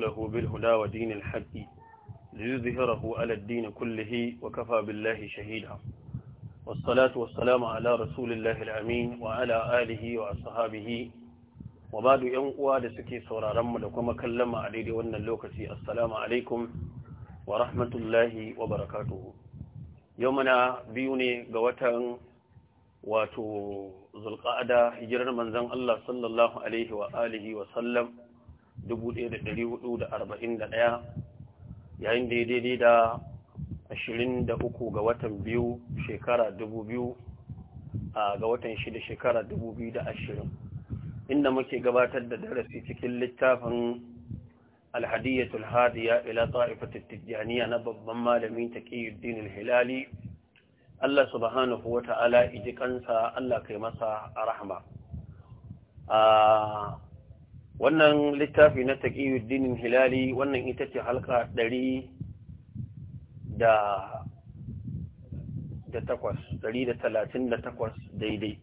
له بالهدى ودين الحق ليظهره على الدين كله وكفى بالله شهيدا والصلاة والسلام على رسول الله الأمين وعلى آله وأصحابه وبعد ينقوى لسكي صورا رمض وكما كلم عليه وأن اللوكسي السلام عليكم ورحمة الله وبركاته يومنا بيوني قوتا واتو ذو القعدة هجرنا من ذن الله صلى الله عليه وآله وسلم 1441 yayin da ya daidai da 23 ga watan biyu shekara 2000 a ga watan 6 shekara 2020 inda muke gabatar da darasi cikin littafin alhadiyatul hadiya ila ta'ifatul tijaniya na babban malamin taqiyuddin al-hilali Allah subhanahu wa ta'ala iji kansa Allah kai masa rahma a uh, wannan littafi na Dinin hilali wannan ita ce halka ɗari da da takwas ɗari da talatin da takwas daidai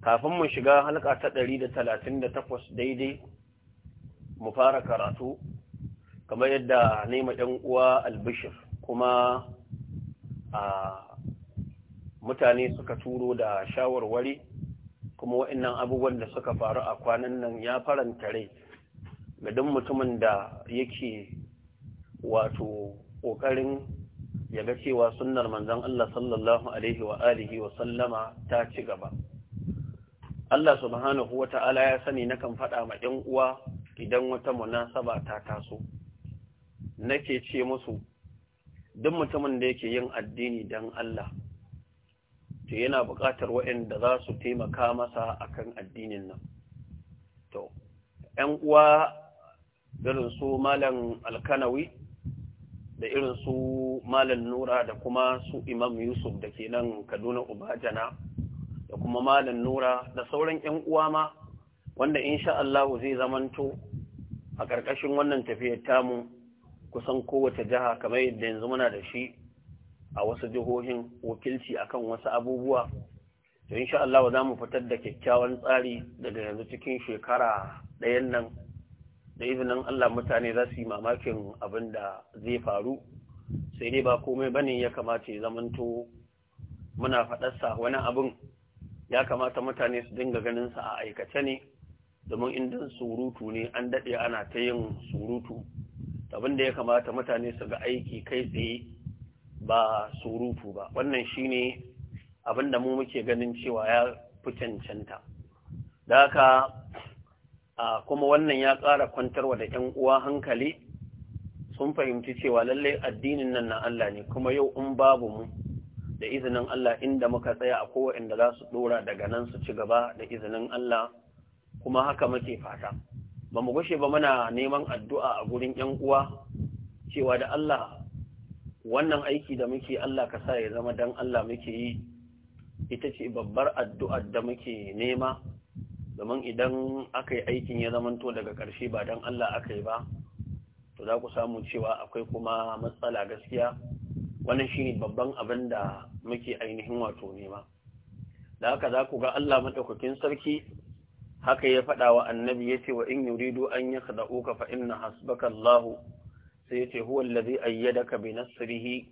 kafin mu shiga halka ta ɗari da talatin da takwas daidai mu fara karatu kamar yadda nema ɗan uwa albishir kuma a mutane suka turo da shawarwari kuma wa'annan abubuwan da suka faru a kwanan nan ya faranta rai ga duk mutumin da yake wato ƙoƙarin ya ga cewa sunnar manzon Allah sallallahu alaihi wa alihi wa sallama ta ci gaba Allah subhanahu Ta'ala ya sani nakan faɗa ma 'yan uwa idan wata munasaba ta taso nake ce musu duk mutumin da yake yin addini don Allah to yana buƙatar waɗanda za su taimaka masa akan addinin nan to ‘yan uwa irin su malam alkanawi da irin su malam nura da kuma su imam yusuf da ke nan kaduna ubajana da kuma malam nura da sauran ‘yan uwa ma wanda insha Allah zai zamanto a ƙarƙashin wannan tafiyar tamu kusan kowace jiha kamar yadda yanzu muna da shi a wasu jihohin wakilci akan wasu abubuwa to insha Allah za mu fitar da kyakkyawan tsari daga yanzu cikin shekara ɗayan nan da izinin Allah mutane za su yi mamakin abin da zai faru sai dai ba komai bane ya kamata ya zamanto muna faɗarsa wani abin ya kamata mutane su dinga ganin sa a aikace ne domin indan surutu ne an daɗe ana ta yin surutu abin da ya kamata mutane su ga aiki kai tsaye ba surutu ba wannan shine abin da mu muke ganin cewa ya fi cancanta da haka kuma wannan ya ƙara kwantarwa da 'yan uwa hankali sun fahimci cewa lallai addinin nan na Allah ne kuma yau in babu mu da izinin Allah inda muka tsaya a inda za su ɗora daga nan su ci gaba da izinin Allah kuma haka muke fata ba mu gushe ba muna neman addu'a a gurin ‘yan uwa cewa da Allah wannan aiki da muke Allah ka sa ya zama dan Allah muke yi ita ce babbar addu'ar da muke nema domin idan aka yi aikin ya zamanto daga ƙarshe ba dan Allah aka yi ba to za ku samu cewa akwai kuma matsala gaskiya wannan shine babban abin da muke ainihin wato nema da haka za ku ga Allah madaukakin sarki haka ya faɗa wa annabi ya ce wa in yuridu an yakhda'uka fa inna hasbaka Allahu sai yace huwa allazi ayyadaka bi nasrihi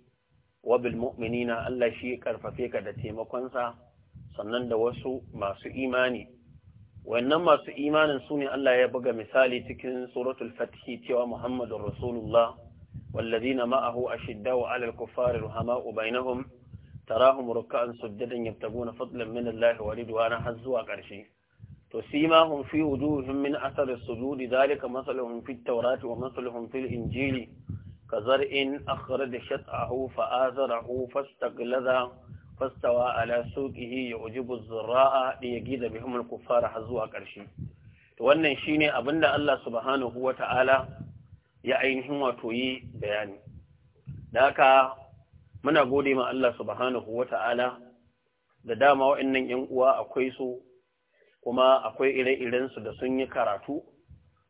wa bil mu'minina Allah shi karfafe ka da taimakon sa sannan da wasu masu imani wannan masu imanin su ne Allah ya buga misali cikin suratul fathi cewa Muhammadur Rasulullah wallazina ma'ahu ashiddau 'alal kuffari ruhama'u bainahum tarahum ruk'an sujadan yabtaguna fadlan min Allah wa ridwana har zuwa ƙarshe to simahum fi wujuhihim min athar as-sujud dhalika masaluhum fi at-taurat wa masaluhum fil injili كزرع أخرج شطعه فآزره فاستغلظ فاستوى على سوقه يعجب الزراء ليجيد har zuwa حزوا To wannan shine abin da Allah subhanahu wata'ala ya ainihin wato yi bayani da haka muna gode ma Allah subhanahu wata'ala da dama wa'annan yan uwa akwai su kuma akwai ire-irensu da sun yi karatu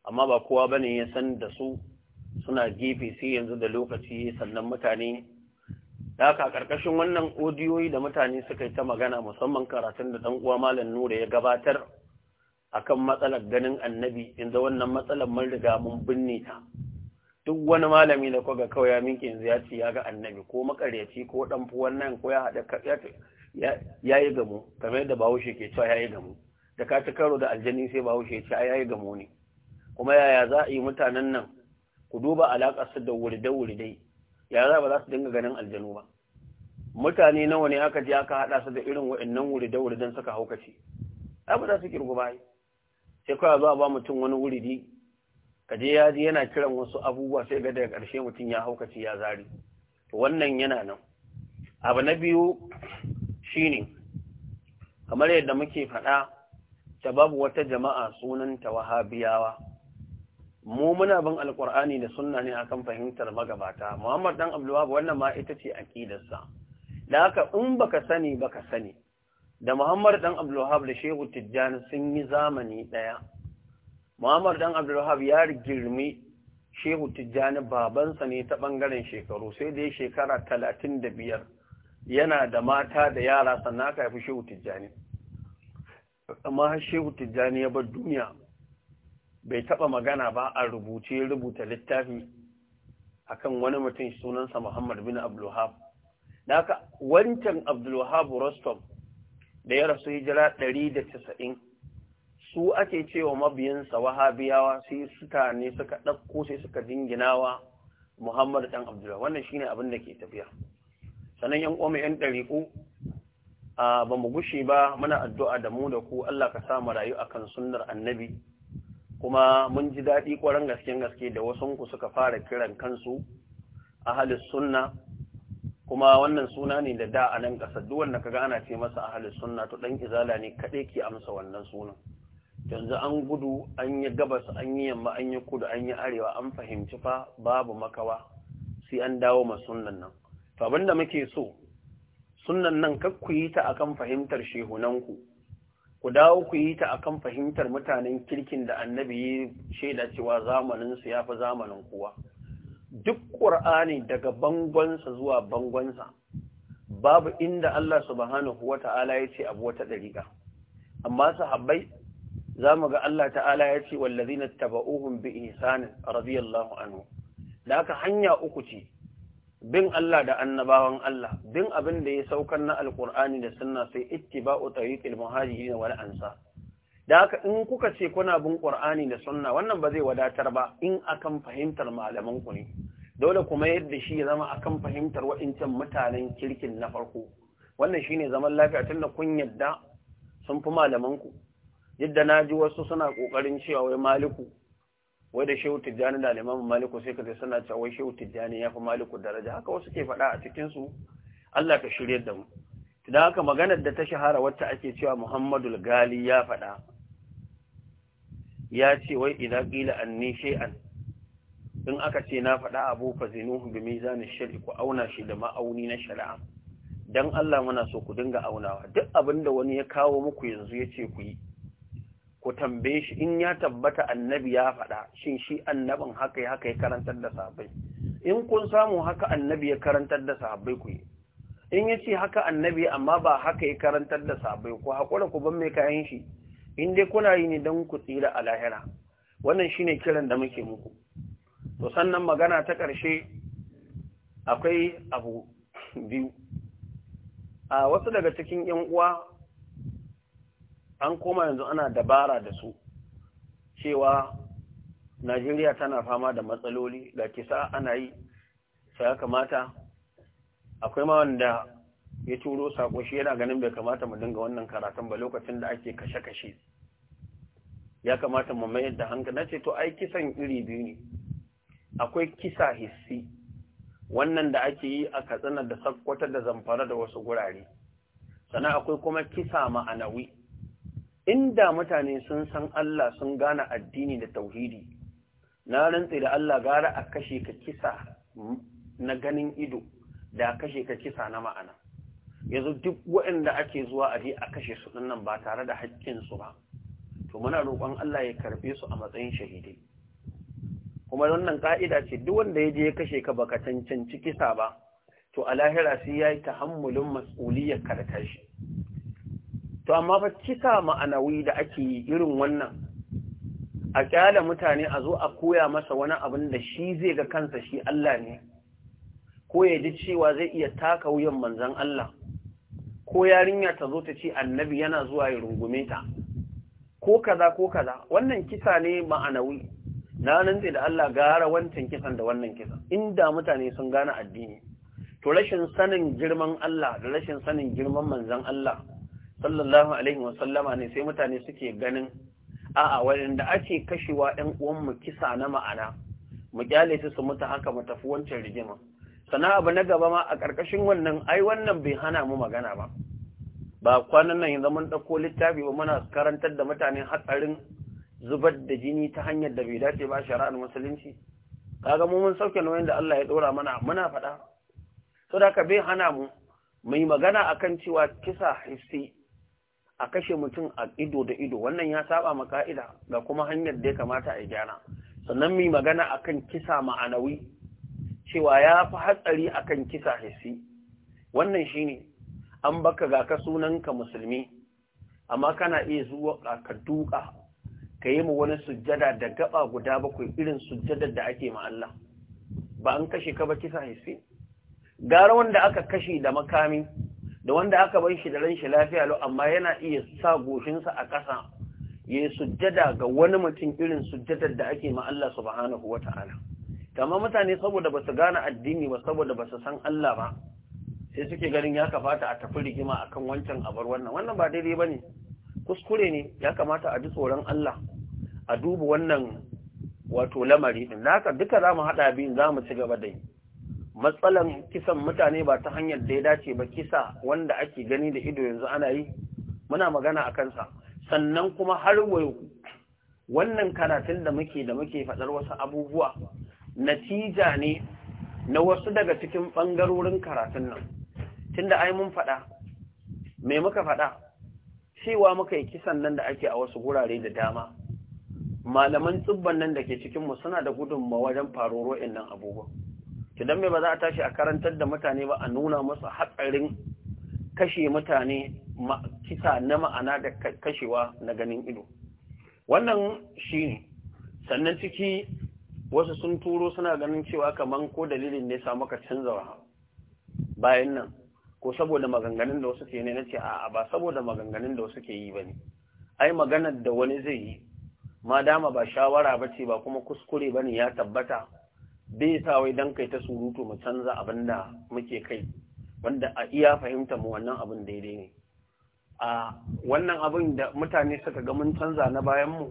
amma ba kowa ba ne ya san da su suna gefe sai yanzu da lokaci sannan mutane da haka ƙarƙashin wannan odiyoyi da mutane suka yi ta magana musamman karatun da uwa malam nura ya gabatar a kan matsalar ganin annabi inda wannan matsalar mun riga mun binne ta duk wani malami da kwaga kawai ya minke yanzu ya ce ya ga annabi ko makaryaci ko ɗanfi wannan ko ya haɗa ya yi gamu kamar yadda bahaushe ke cewa ya yi gamu da ka ci karo da aljani sai bahaushe ya ci ayayi ga muni kuma yaya za a yi mutanen nan ku duba alaƙar su da wurde-wurde ya za ba za su dinga ganin aljanu ba mutane nawa ne aka je aka haɗa su da irin wa'annan wuri wurden suka haukace ai ba za su kirgu ba sai kawai za a ba mutum wani wuridi ka je ya ji yana kiran wasu abubuwa sai ga daga ƙarshe mutum ya haukaci ya zari to wannan yana nan abu na biyu shine kamar yadda muke faɗa ta babu wata jama'a sunanta wahabiyawa mu muna bin alkur'ani da sunna ne akan fahimtar magabata muhammad dan abdullahi wannan ma ita ce aƙidarsa. da haka in baka sani baka sani da muhammad dan abdullahi da shehu tijjani sun yi zamani ɗaya. muhammad dan abdullahi ya girmi shehu tijjani babansa ne ta ɓangaren shekaru sai da shekara talatin da biyar yana da mata da yara sannan aka haifi shehu tijjani amma har shehu tijjani ya bar duniya bai taɓa magana ba a rubuce rubuta littafi akan wani mutum sunansa Muhammad bin Abdulwahab. Da haka wancan Abdulwahab Rostom da ya rasu hijira 190 su ake cewa mabiyansa wahabiyawa sai suka ne suka ɗauko sai suka dinginawa Muhammad dan Abdulwahab wannan shine abin da ke tafiya. Sannan yan uwa yan ɗariƙu ba mu gushe ba muna addu'a da mu da ku Allah ka samu rayu a kan sunnar annabi kuma mun ji daɗi ƙwarar gasken gaske da wasanku suka fara kiran kansu a halis sunna kuma wannan suna ne da da a nan ƙasar duk wanda ka ana ce masa a halis sunna to ɗan izala ne kaɗai ke amsa wannan sunan yanzu an gudu an yi gabas an yi yamma an yi kudu an yi arewa an fahimci fa babu makawa sai an dawo ma sunan nan to abinda muke so Sunan nan kar ku yi ta akan fahimtar shehunanku ku dawo ku yi ta akan fahimtar mutanen kirkin da annabi ya shaida cewa zamaninsu su yafi zamanin kowa duk ƙur'ani daga bangonsa zuwa bangonsa babu inda Allah subhanahu wata'ala ya ce abu wata ɗariƙa. amma sahabbai za mu ga Allah ta'ala ya ce wallazina taba'uhum bi ihsan radiyallahu anhu da haka hanya uku ce bin Allah da annabawan Allah bin abin da ya saukar na alkur'ani da sunna sai ittiba'u tariqil muhajirin wal ansa. da haka in kuka ce kuna bin ƙur'ani da sunna wannan ba zai wadatar ba in akan fahimtar malaman ku ne dole kuma yadda shi ya zama akan fahimtar wa'incan mutanen kirkin na farko wannan shine zaman lafiya tun da kun yadda sun fi malaman ku yadda naji wasu suna kokarin cewa wai maliku Wai da shehu tijjani da limamin maliku sai ka zai suna cewa wai shehu tijjani ya fi maliku daraja haka wasu ke faɗa a cikinsu Allah ka shirya da mu idan haka maganar da ta shahara wacce ake cewa muhammadu gali ya faɗa ya ce wai idan ƙila an ni shay'an in aka ce na faɗa abu fa zinu bi mizan shari'a ku auna shi da ma'auni na shari'a dan Allah muna so ku dinga aunawa duk abin da wani ya kawo muku yanzu ya ce ku yi ku tambaye shi in ya tabbata annabi ya faɗa shin shi annabin haka ya haka ya karantar da sahabbai in kun samu haka annabi ya karantar da sahabbai ku yi in ya ce haka annabi amma ba haka ya karantar da sahabbai ku haƙura ku ban mai kayan shi in dai kuna yi ne don ku tsira a lahira wannan shine kiran da muke muku to sannan magana ta ƙarshe akwai abu biyu a wasu daga cikin 'yan uwa an koma yanzu ana dabara da su cewa najeriya tana fama da matsaloli da kisa ana yi sai ya kamata akwai ma wanda ya turo sako shi yana ganin bai kamata mu dinga wannan karatun ba lokacin da ake kashe-kashe ya kamata mu mayar da hankali nace to ai kisan iri biyu ne akwai kisa hissi wannan da ake yi a katsina da sakkwata da zamfara da wasu gurare sannan akwai kuma kisa ma'anawi inda mutane sun san Allah sun gane addini da tauhidi na rantsi da Allah gara a kashe ka kisa na ganin ido da a kashe ka kisa na ma'ana yanzu duk waɗanda ake zuwa a ji a kashe su nan ba tare da su ba to muna roƙon Allah ya karbe su a matsayin shahidai kuma wannan ka'ida ce duk wanda ya je ya kashe ka baka cancanci kisa ba to a lahira sai ya yi tahammulin mas'uliyar karta shi to amma fa cika ma'anawi da ake yi irin wannan a kyala mutane a zo a koya masa wani abin da shi zai ga kansa shi Allah ne ko ya ji cewa zai iya taka wuyan manzan Allah ko yarinya ta zo ta ce annabi yana zuwa ya rungume ta ko kaza ko kaza wannan kisa ne ma'anawi na nan da Allah gara wancan kisan da wannan kisan inda mutane sun gane addini to rashin sanin girman Allah da rashin sanin girman manzan Allah sallallahu alaihi wa sallama ne sai mutane suke ganin a'a da ake kashewa ɗan uwanmu kisa na ma'ana mu kyale su su mutu haka mu tafi wancan rigima sana abu na gaba ma a ƙarƙashin wannan ai wannan bai hana mu magana ba ba kwanan nan yanzu mun ɗauko littafi ba muna karantar da mutane hatsarin zubar da jini ta hanyar da bai dace ba shari'ar musulunci kaga mu mun sauke nauyin da Allah ya ɗora mana muna faɗa saboda ka bai hana mu mai magana akan cewa kisa hissi a kashe mutum a ido da ido wannan ya saba ma ka'ida ga kuma hanyar da ya kamata a gyara sannan mai magana a kan kisa ma'anawi cewa ya fi hatsari a kan kisa hissi wannan shine an baka ga ka sunanka musulmi amma kana iya zuwa ka duka ka yi mu wani sujjada da gaba guda bakwai irin sujjadar da ake ma Allah ba an kashe ka ba kisa hissi gara wanda aka kashe da makami da wanda aka bar shi da ran shi lafiya lo amma yana iya sa goshinsa a ƙasa ya yi sujjada ga wani mutum irin sujjadar da ake ma Allah subhanahu wa ta'ala kama mutane saboda ba su gane addini ba saboda ba su san Allah ba sai suke ganin ya kamata a tafi rigima akan wancan abar wannan wannan ba daidai ba ne kuskure ne ya kamata a ji tsoron Allah a duba wannan wato lamari din da haka duka za mu haɗa biyun za mu ci gaba da yi matsalan kisan mutane ba ta hanyar da ya dace ba kisa wanda ake gani da ido yanzu ana yi muna magana a kansa sannan kuma har wayo wannan karatun da muke da muke faɗar wasu abubuwa natija ne na wasu daga cikin ɓangarorin karatun nan tunda ai mun faɗa me muka faɗa cewa muka yi kisan nan da ake a wasu gurare da dama malaman tsibban nan da ke cikinmu suna da gudunmawa wajen faruwar nan abubuwa idan mai ba za a tashi a karantar da mutane ba a nuna masa hatsarin kashe mutane kisa na ma'ana da kashewa na ganin ido wannan shi ne sannan ciki wasu sun turo suna ganin cewa kamar ko dalilin ne samu ka canzawa bayan nan ko saboda maganganun da wasu ke ne na ce a ba saboda maganganun da wasu ke yi ba ne ai maganar da wani zai yi ma dama ba shawara ba ce ba kuma kuskure ba ne ya tabbata bai sa wai dan kai ta surutu mu canza abin da muke kai wanda a iya fahimtar mu wannan abin daidai ne a wannan abin da mutane suka ga mun canza na bayan mu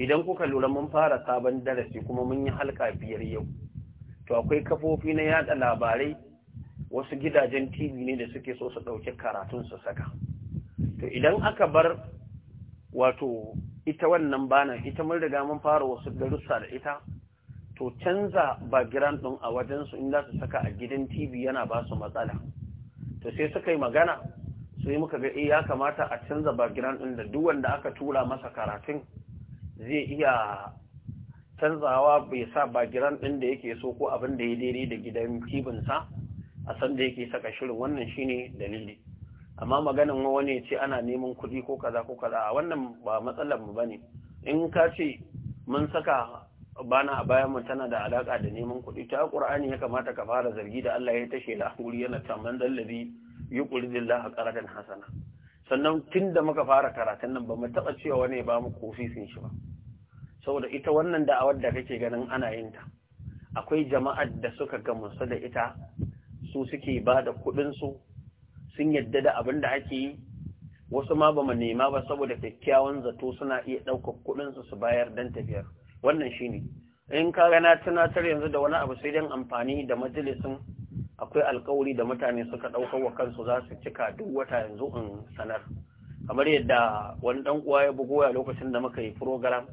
idan kuka lura mun fara sabon darasi kuma mun yi halka biyar yau to akwai kafofi na yada labarai wasu gidajen TV ne da suke so su ɗauki karatun su saka to idan aka bar wato ita wannan bana ita mun riga mun fara wasu darussa da ita to canza background ɗin a wajensu in za su saka a gidan tv yana ba su matsala to sai suka yi magana sai muka ga eh, ya kamata a canza background ɗin da duk wanda aka tura masa karatun zai iya canzawa bai sa background ɗin da yake so ko abin da ya daidai da gidan TV sa a san da yake saka shirin wannan shine dalili amma maganin wani ce ana neman kuɗi ko kaza ko kaza a wannan ba matsalar mu bane in ka ce mun saka bana a bayan mu tana da alaka da neman kuɗi ta qur'ani ya kamata ka fara zargi da Allah ya tashe da huri yana tamman dallabi yuqridillahi qaradan hasana sannan tunda muka fara karatun nan ba mu taba cewa wani ba mu kofi sun shi ba saboda ita wannan da'awar da kake ganin ana yin ta akwai jama'ar da suka su da ita su suke ba da kuɗin su sun yadda da abin da ake yi wasu ma ba mu nema ba saboda kyakkyawan zato suna iya ɗaukar kuɗin su su bayar dan tafiyar wannan ne in ka na tunatar yanzu da wani abu sai dan amfani da majalisin akwai alkawari da mutane suka ɗaukar wa kansu za su cika duk wata yanzu in sanar kamar yadda wani ɗan uwa ya bugo ya lokacin da muka yi program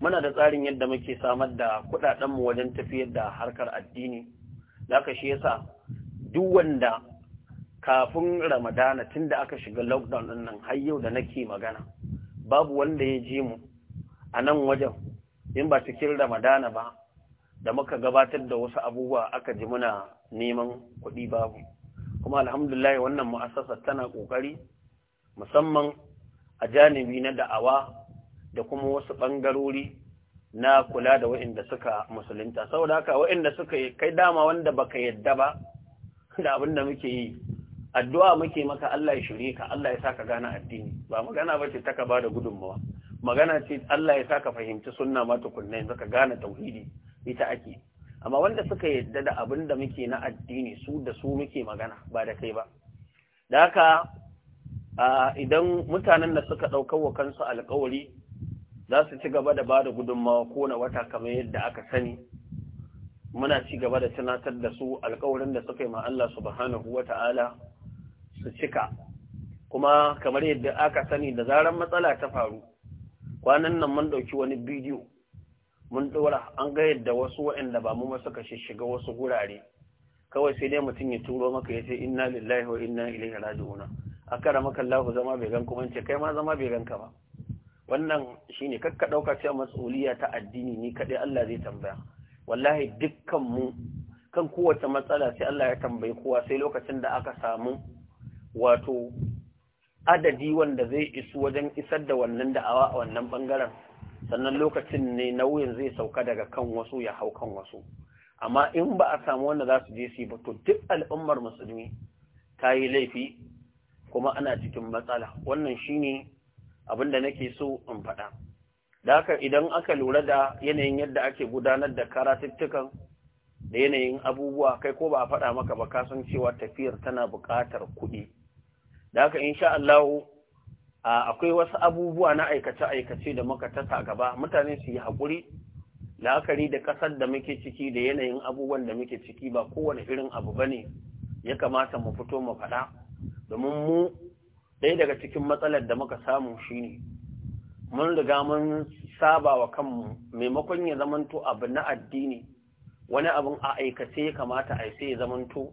muna da tsarin yadda muke samar da mu wajen tafiyar da harkar addini da aka shi yasa duk wanda kafin ramadana tun da aka shiga lockdown ɗin nan har yau da nake magana babu wanda ya ji mu a nan wajen in ba cikin ramadana ba da muka gabatar da wasu abubuwa aka ji muna neman kuɗi babu kuma alhamdulillah wannan mu'assasa tana ƙoƙari musamman a janibi na da'awa da kuma wasu ɓangarori na kula da waɗanda suka musulunta saboda haka waɗanda suka kai dama wanda baka yadda ba da abin da muke yi addu'a muke maka Allah ya shirye ka Allah ya saka gane addini ba magana ba ce ta ka da gudunmawa magana ce Allah ya saka fahimci sunna ma tukunna yanzu ka gane tauhidi ita ake amma wanda suka yadda da abin da muke na addini su da su muke magana ba da kai ba da haka idan mutanen da suka ɗaukar wa kansu alkawari za su ci gaba da ba da gudunmawa ko na wata kamar yadda aka sani muna ci gaba da tunatar da su alkawarin da suka yi ma Allah subhanahu wa ta'ala su cika kuma kamar yadda aka sani da zarar matsala ta faru kwanan nan mun ɗauki wani bidiyo mun ɗora an ga yadda wasu waanda ba mu kashe shiga wasu gurare kawai sai dai mutum ya turo maka ya ce inna lillahi wa inna ilaihi raji'un akara maka Allah zama bai gan kuma ce kai ma zama bai ganka ba wannan shine kakka dauka cewa mas'uliya ta addini ni kadai Allah zai tambaya wallahi dukkan mu kan kowace matsala sai Allah ya tambayi kowa sai lokacin da aka samu wato adadi wanda zai isu wajen isar da wannan da'awa a wannan bangaren sannan lokacin ne nauyin zai sauka daga kan wasu ya hau kan wasu amma in ba a samu wanda za su je su ba to duk al'ummar musulmi ta yi laifi kuma ana cikin matsala wannan shi ne abin da nake so in faɗa da haka idan aka lura da yanayin yadda ake gudanar da karatuttukan da yanayin abubuwa kai ko ba a faɗa maka ba kasan cewa tafiyar tana buƙatar kuɗi da haka insha Allah akwai wasu abubuwa na aikace-aikace da muka tasa gaba mutane su yi haƙuri la'akari da ƙasar da muke ciki da yanayin abubuwan da muke ciki ba kowane irin abu ba ne ya kamata mu fito mu faɗa domin mu ɗaya daga cikin matsalar da muka samu shi ne, mun riga mun saba wa kanmu maimakon ya zamanto abu na addini wani abin a aikace ya kamata a sai ya zamanto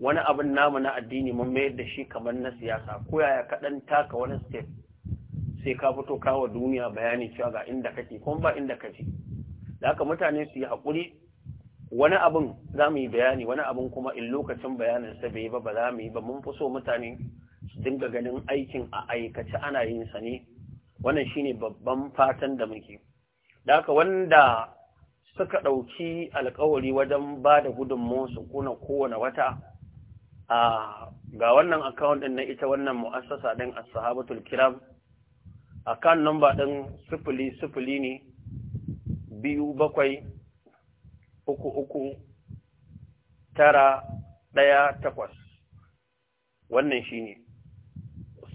wani abin namu na addini mun mayar da shi kamar na siyasa ko yaya kaɗan taka wani step sai ka fito kawo duniya bayani cewa ga inda kake kuma ba inda kake da haka mutane su yi hakuri wani abin za mu yi bayani wani abin kuma in lokacin bayanin sa bai ba ba za mu yi ba mun fi so mutane su dinga ganin aikin a aikace ana yin sa ne wannan shine babban fatan da muke da haka wanda suka ɗauki alkawari wajen ba da gudunmu su kuna kowane wata ga wannan account ɗin na ita wannan mu'assasa ɗin a sahabatul kiram account number din sifili ne biyu bakwai uku uku tara ɗaya takwas wannan shine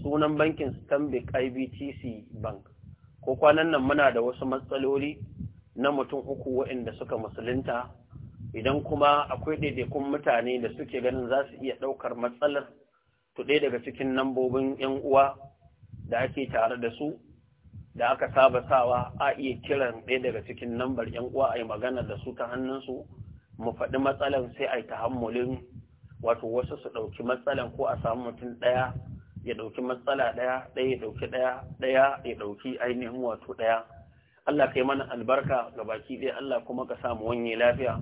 sunan bankin stanbic ibtc bank ko kwanan nan muna da wasu matsaloli na mutum uku waɗanda suka musulunta idan kuma akwai ɗaiɗaikun mutane da suke ganin za su iya ɗaukar matsalar to ɗaya daga cikin nambobin 'yan uwa da ake tare da su da aka saba sawa a iya kiran ɗaya daga cikin nambar 'yan uwa a yi magana da su ta hannunsu mu faɗi matsalar sai a yi tahammulin wato wasu su ɗauki matsalar ko a samu mutum ɗaya ya ɗauki matsala ɗaya ɗaya ya ɗauki ɗaya ɗaya ya ɗauki ainihin wato ɗaya Allah kai mana albarka ga baki ɗaya Allah kuma ka samu wani lafiya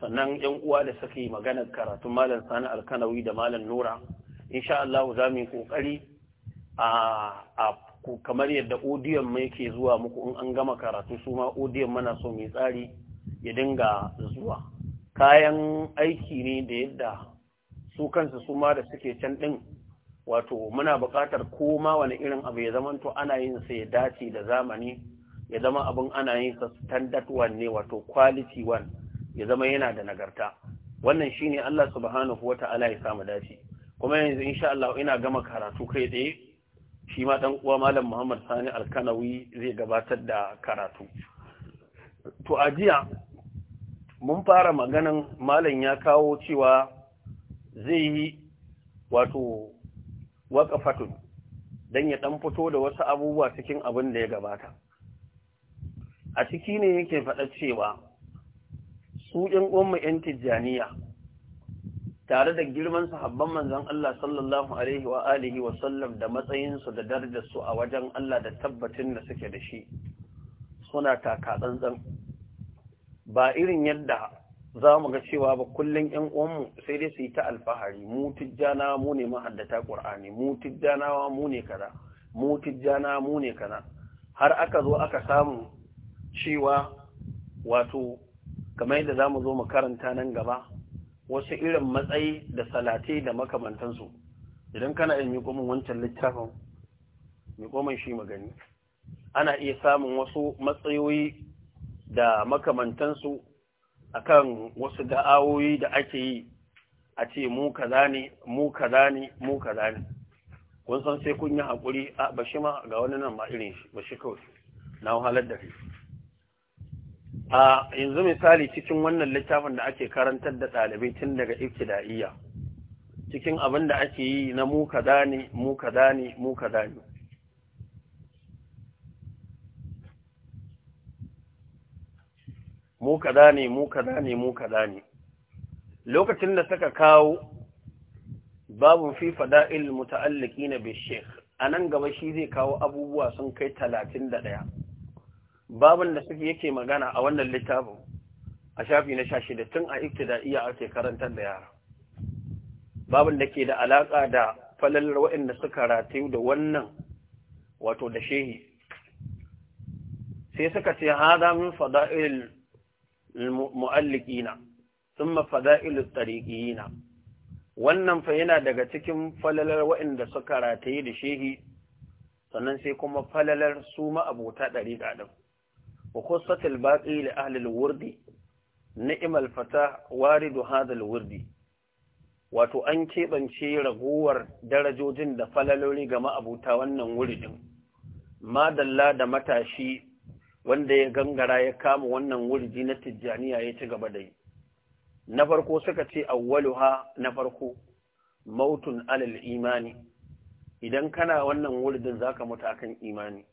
sannan yan uwa da suka yi maganar karatun malam sani alkanawi da malam nura insha Allah za mu yi kokari a kamar yadda odiyon mai yake zuwa muku in an gama karatu su ma odiyon mana so mai tsari ya dinga zuwa kayan aiki ne da yadda su kansu su ma da suke can din wato muna buƙatar koma wani irin abu ya zamanto ana yin sa ya dace da zamani ya zama abin ana yin sa standard one ne wato quality one ya zama yana da nagarta wannan shine Allah subhanahu wata'ala ya samu dace kuma yanzu insha Allah ina gama karatu kai tsaye shi ma dan uwa malam Muhammad Sani Alkanawi zai gabatar da karatu to a jiya mun fara maganan malam ya kawo cewa zai yi wato waƙafatun don ya ɗan fito da wasu abubuwa cikin abin da ya gabata a ciki ne yake faɗa cewa su ‘yan uwanmu ‘yan tijjaniya tare da girman sahabban manzan Allah sallallahu Alaihi wa alihi da matsayinsu da darajarsu a wajen Allah da tabbatin da suke da shi suna taka tsantsan ba irin yadda za mu ga cewa ba kullum ‘yan uwanmu sai dai su yi ta alfahari mu tijjana mu ne mahaddata ƙur'ani mu tijjanawa mu ne kaza mu tijjana mu ne kaza har aka zo aka samu cewa wato kamar yadda za mu zo mu karanta nan gaba wasu irin matsayi da salate da makamantansu idan kana yin mikomin wancan littafin mikomin shi magani ana iya samun wasu matsayoyi da makamantansu akan wasu da'awoyi da ake yi a ce mu kaza ne mu kaza ne mu kaza ne kun san sai kun yi haƙuri a bashi ma ga wani nan ma irin shi bashi kawai na wahalar da kai a yanzu misali cikin wannan littafin da ake karantar da ɗalibai tun daga ibtida'iyya cikin abin da ake yi na mu kaza ne mu kaza ne mu kaza ne mu kaza ne mu kaza ne mu kaza ne lokacin da suka kawo babu fi fada'il muta'alliqina bi sheikh anan gaba shi zai kawo abubuwa sun kai talatin da ɗaya. babin da suke yake magana a wannan littafin a shafi na shashi da tun a ibtida'iyya ake karantar da yara babin da ke da alaka da falalar waɗanda suka ratayu da wannan wato da shehi sai suka ce hada min fada'il mu'alliqina ma fada'il tariqina wannan fa yana daga cikin falalar waɗanda suka rataye da shehi sannan sai kuma falalar su ma'abota ɗari ɗaɗin wa khussatul baqi li ahli al-wurdi ni'mal fata waridu wurdi wato an keɓance ragowar darajojin da falaloli ga ma'abuta wannan wuridin madalla da matashi wanda ya gangara ya kama wannan wuridi na tijjaniya ya ci gaba da yi na farko suka ce awwaluha na farko mautun alal imani idan kana wannan wuridin zaka mutu akan imani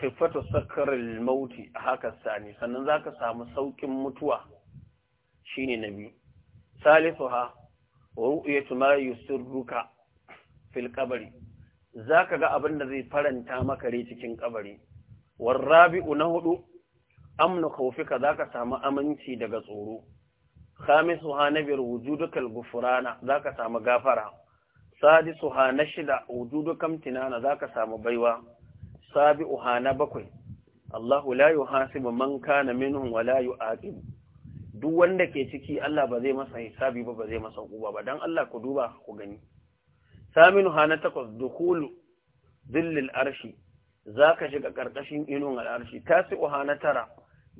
kaifata sakarar mauti haka sani sannan za ka samu saukin mutuwa Shi ne na biyu nabi ha wa ru'yatu ma yusirruka fil Za ka ga abin da zai faranta maka rai cikin kabari warabi'u na hudu amnu khawfika ka samu aminci daga tsoro khamisu khamisuha nabir wujudukal za ka samu gafara ha, na shida wujudukam tinana ka samu baiwa sabi'u hana bakwai Allahu la yuhasibu man kana minhum wa la yu'aqib duk wanda ke ciki Allah ba zai masa hisabi ba ba zai masa hukuma ba dan Allah ku duba ku gani saminu hana takwas dukhulu dhillil arshi zaka shiga karkashin inuwar arshi tasi'uha na tara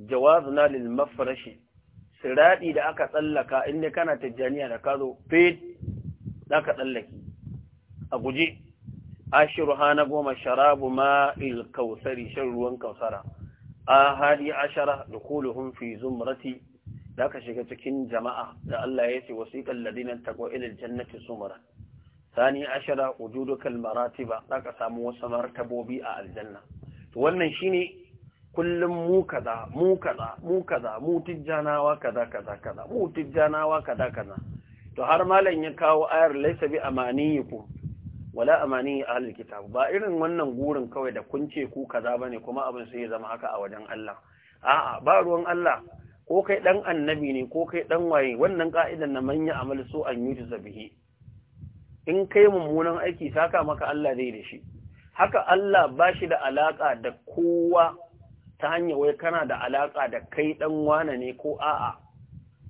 jawazuna lil mafrashi siradi da aka tsallaka inda kana tijjaniya da kazo fit zaka tsallaki a guje ashiru hana goma sharabu ma'il kausari shan ruwan kausara a hadi ashara da kuluhun fi zumrati da aka shiga cikin jama'a da Allah ya ce wasiƙan ladinan taƙwa ilil jannati sumara sani ashara wujudu maratiba za ka samu wasu martabobi a aljanna to wannan shine kullum mu kaza mu kaza mu kaza mu tijjanawa kaza kaza kaza mu tijjanawa kaza kaza to har malam ya kawo ayar laysa bi amaniyikum wala amani ahlul kitab ba irin wannan gurin kawai da kun ce ku kaza bane kuma abin sai ya zama haka a wajen Allah a'a ba ruwan Allah ko kai dan annabi ne ko kai dan waye wannan ka'idan na manya amali su an yi zabihi in kai mummunan aiki saka maka Allah zai da shi haka Allah ba shi da alaka da kowa ta hanyar wai kana da alaka da kai dan wane ne ko a'a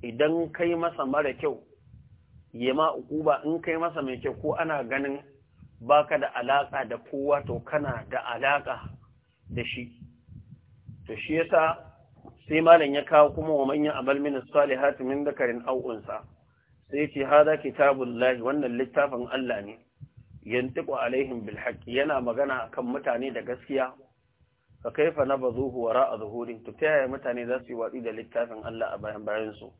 idan kai masa mara kyau yema ukuba in kai masa mai kyau ko ana ganin baka da alaƙa da kowa to kana da alaƙa da shi to shi yasa sai malam ya kawo kuma wa manyan amal min salihati min dakarin au'unsa sai ce hada kitabullahi wannan littafin Allah ne yantiku alaihim bil haqqi yana magana kan mutane da gaskiya fa kaifa nabazuhu wara zuhuri to taya mutane za su yi watsi da littafin Allah a bayan bayan su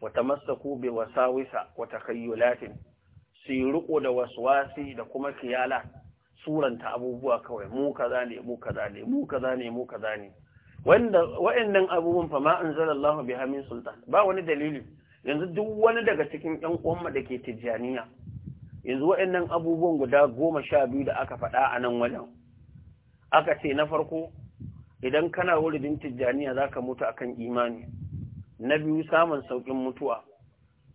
wa tamassaku bi wasawisa wa takhayyulatin su yi riko da waswasi da kuma kiyala suranta abubuwa kawai mu kaza ne mu kaza ne mu kaza ne mu kaza ne wanda wa'annan abubuwan fa ma anzalallahu biha hamin sultan ba wani dalili yanzu duk wani daga cikin ƴan uwanmu da ke tijjaniya yanzu wa'annan abubuwan guda goma sha biyu da aka faɗa a nan wajen aka ce na farko idan kana wuridin tijjaniya zaka mutu akan imani na biyu samun sauƙin mutuwa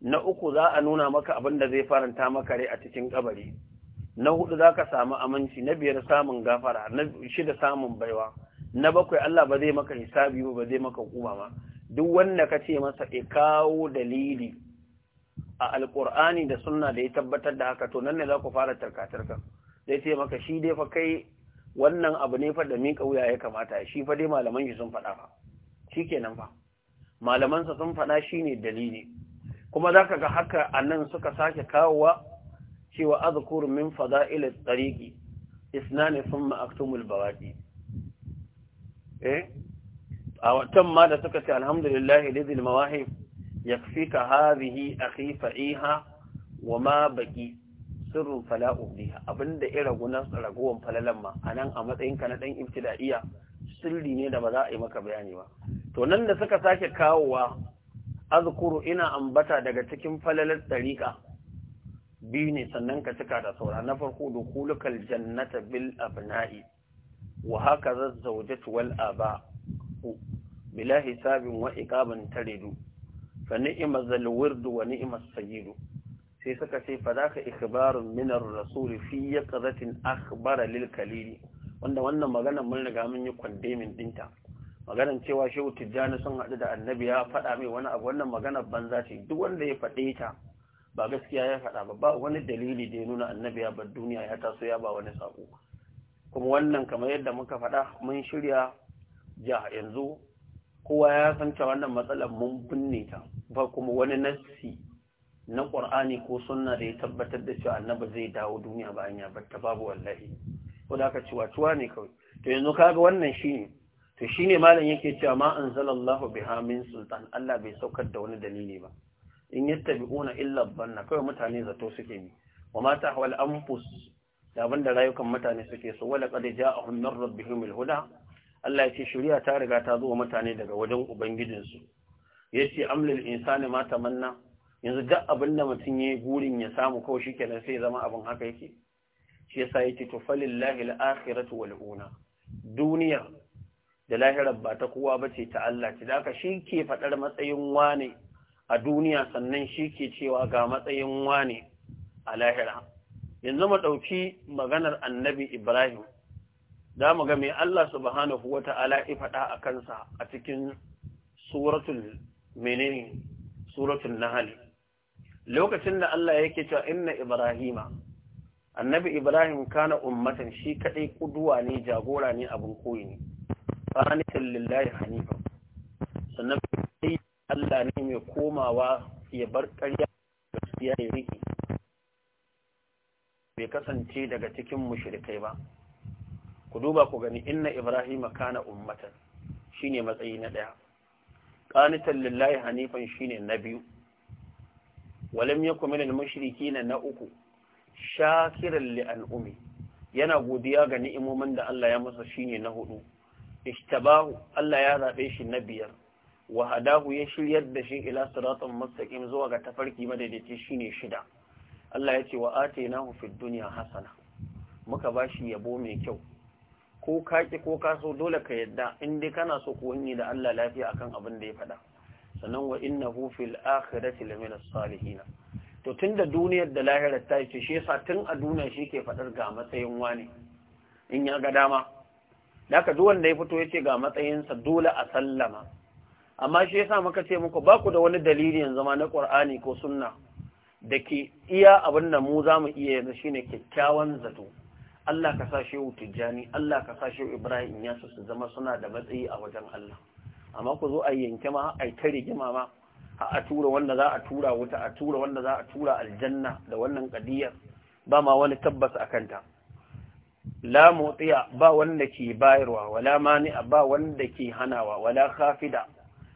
na uku za a nuna maka abin da zai faranta maka rai a cikin kabari na hudu za ka samu aminci na biyar samun gafara na shida samun baiwa na bakwai Allah ba zai maka hisabi ba zai maka kuma ba. duk wanda ka ce masa e kawo dalili a alkur'ani da sunna da ya tabbatar da haka to nan ne za ku fara tarkatarka zai ce maka shi dai fa kai wannan abu ne fa da wuya ya kamata shi fa dai malaman shi sun faɗa fa shikenan fa malaman sa sun faɗa shine dalili kuma za ga haka a suka sake kawowa cewa azkur min fada'ilat tariqi isnani thumma aktumul bawadi eh a watan ma da suka ce alhamdulillah lidil mawahib yakfika hadhihi akhi fa'iha wa ma baqi sirru Fala'u biha abinda ira gunan ragowan falalan ma anan a matsayin ka na dan ibtida'iya sirri ne da ba za a yi maka bayani ba to nan da suka sake kawowa azkuru ina ambata daga cikin falalar ɗariƙa biyu ne sannan ka cika da saura na farko da kulukal jannata bil abna'i wa haka zazzaujatu wal aba bila hisabin wa iqaban taridu fa ni'ma zal wird wa ni'ma sayyidu sai suka ce fa zaka ikhbarun min ar-rasul fi yaqzatin akhbara lil kalili wanda wannan magana mun riga mun yi kwandemin dinta maganar cewa shehu tijjani sun haɗu da annabi ya faɗa mai wani abu wannan magana banza ce duk wanda ya faɗe ta ba gaskiya ya faɗa ba ba wani dalili da ya nuna annabi ya bar duniya ya taso ya ba wani sako kuma wannan kamar yadda muka faɗa mun shirya ja yanzu kowa ya san cewa wannan matsalar mun binne ta ba kuma wani nassi na ƙur'ani ko sunna da ya tabbatar da cewa annabi zai dawo duniya bayan ya ta babu wallahi ko da aka ciwa ciwa ne kawai to yanzu kaga wannan shine to ne malam yake cewa ma anzalallahu biha min sultan Allah bai saukar da wani dalili ba in una illa banna kawai mutane zato suke yi wa ma tahwal anfus da abinda rayukan mutane suke so wala a ja'ahum min rabbihim huda? Allah ya ce shari'a ta riga ta zo mutane daga wajen ubangijinsu yace amlil insani ma manna. yanzu duk abinda mutum yi gurin ya samu shi kenan sai zama abin haka yake shi yasa yake to falillahi al-akhiratu wal una duniya da lahirar ba ta kowa ba ce ta Allah ce da shi ke faɗar matsayin wane a duniya sannan shi ke cewa ga matsayin wane a lahira yanzu mu ɗauki maganar annabi ibrahim za mu ga mai Allah subhanahu wa ta'ala ya faɗa a kansa a cikin suratul menene suratul nahl lokacin da Allah yake cewa inna ibrahima annabi ibrahim kana ummatan shi kadai kuduwa ne jagora ne abin koyi ne qanitan lillahi hanifa sannan sai Allah ne mai komawa ya bar ƙarya gaskiya ya riki bai kasance daga cikin mushrikai ba ku duba ku gani inna ibrahima kana ummatan shine matsayi na daya qanitan lillahi hanifan shine na biyu walam yakun minal mushrikin na uku shakiran li an'umi yana godiya ga ni'imomin da Allah ya masa shine na hudu ishtabahu Allah ya zaɓe shi na biyar wa hadahu ya shiryar da shi ila siratun mustaqim zuwa ga tafarki madaidaici shine shida Allah ya ce wa atainahu fid dunya hasana muka bashi yabo mai kyau ko ka ko ka so dole ka yadda in dai kana so ku wani da Allah lafiya akan abin da ya faɗa sannan wa innahu fil akhirati lamina salihin to tunda duniyar da lahirar ta yi shi yasa tun a duniya shi ke faɗar ga matsayin wani in ya ga dama Daka duk wanda ya fito ya ce ga matsayinsa dole a sallama. Amma shi yasa muka ce muku ba ku da wani dalili yanzu ma na Qur'ani ko Sunna da ke iya abin da mu za mu iya yanzu shine kyakkyawan zato. Allah ka sa shehu Tijjani, Allah ka sa shehu Ibrahim ya su zama suna da matsayi a wajen Allah. Amma ku zo a yanke ma a ta rigima ma a tura wanda za a tura wuta a tura wanda za a tura aljanna da wannan kadiyar ba ma wani tabbas a kanta. la motsiya ba wanda ke bayarwa wala mania. ba wanda ke hanawa wala khafida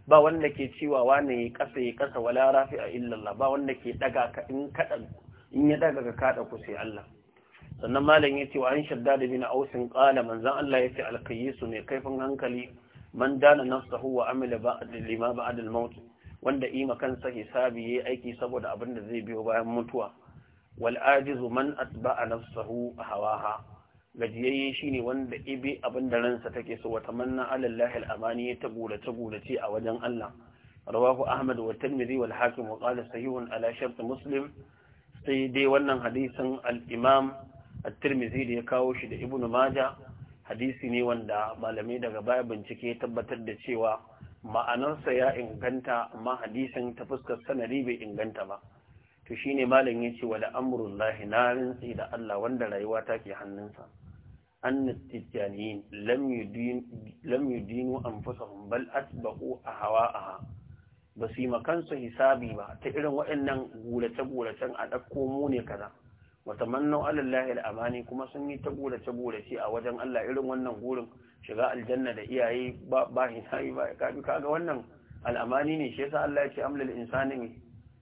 ba wanda ke cewa wane ya kasa ya kasa wala a illallah ba wanda ke ɗaga ka in kada in ya daga ka kada ku sai Allah sannan malam ce wa an shaddad bin ausin qala manzan Allah ce alqayis mai kaifin hankali man dana nafsahu wa amila ba'd lima ba'd a maut wanda ima kansa hisabi yayi aiki saboda abin da zai biyo bayan mutuwa wal ajizu man atba'a nafsahu hawaha gajiyayye shine wanda ibe abin da ransa take so wata manna alallahi al'amani ya ta tagula ce a wajen Allah rawahu ahmad wa tirmidhi wal hakim wa qala sahihun ala shart muslim sai dai wannan hadisin al-imam at-tirmidhi da ya kawo shi da ibnu majah hadisi ne wanda malamai daga baya bincike tabbatar da cewa ma'anarsa ya inganta amma hadisin ta fuskar sanari bai inganta ba to shine malam yace wala amrullahi na rintsi da Allah wanda rayuwa take hannunsa أن التجانيين لم يدين لم يدينوا أنفسهم بل أسبقوا أهواءها بس ما كان حسابي بها تقرن وإن نقول تقول أن أكوموني كذا وتمنوا على الله الأماني كما سني تقول تقول شيء وجن الله إلهم وإن نقول شغاء الجنة إياه با با هاي با كابي كاغا وإن الأماني نشيسا شيء الله يشي الإنسان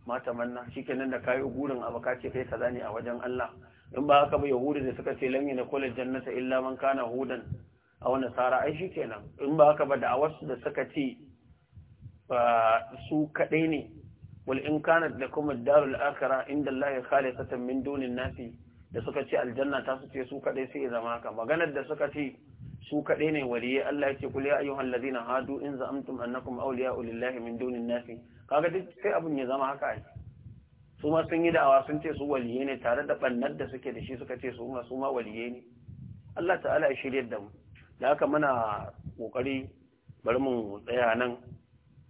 ما تمنى شكرا لك كايو قولن أبكاتي في كذا ني أوجن الله in ba haka ba yahudu da suka ce na yadkhul jannata illa man kana hudan a wani tsara. ai shi kenan in ba haka ba da wasu da suka ce su kadai ne wal in kana da kuma darul akara inda Allah khalisatan min dunin nasi da suka ce aljanna ta su ce su kadai sai zama haka maganar da suka ce su kaɗai ne waliye Allah ya ce kul ya ayyuhal ladina hadu in za'amtum annakum awliya'u lillahi min dunin nasi kaga duk sai abin ya zama haka ai su ma sun yi da'awa sun ce su waliye ne tare da bannar da suke da shi suka ce su ma su ma waliye ne Allah ta'ala ya shirya da mu da haka muna kokari bari mu tsaya nan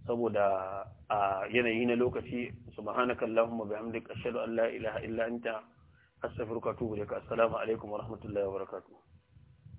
saboda a yanayi na lokaci subhanaka allahumma bihamdika ashhadu an la ilaha illa anta astaghfiruka wa atubu ilaik assalamu alaikum wa rahmatullahi wa barakatuh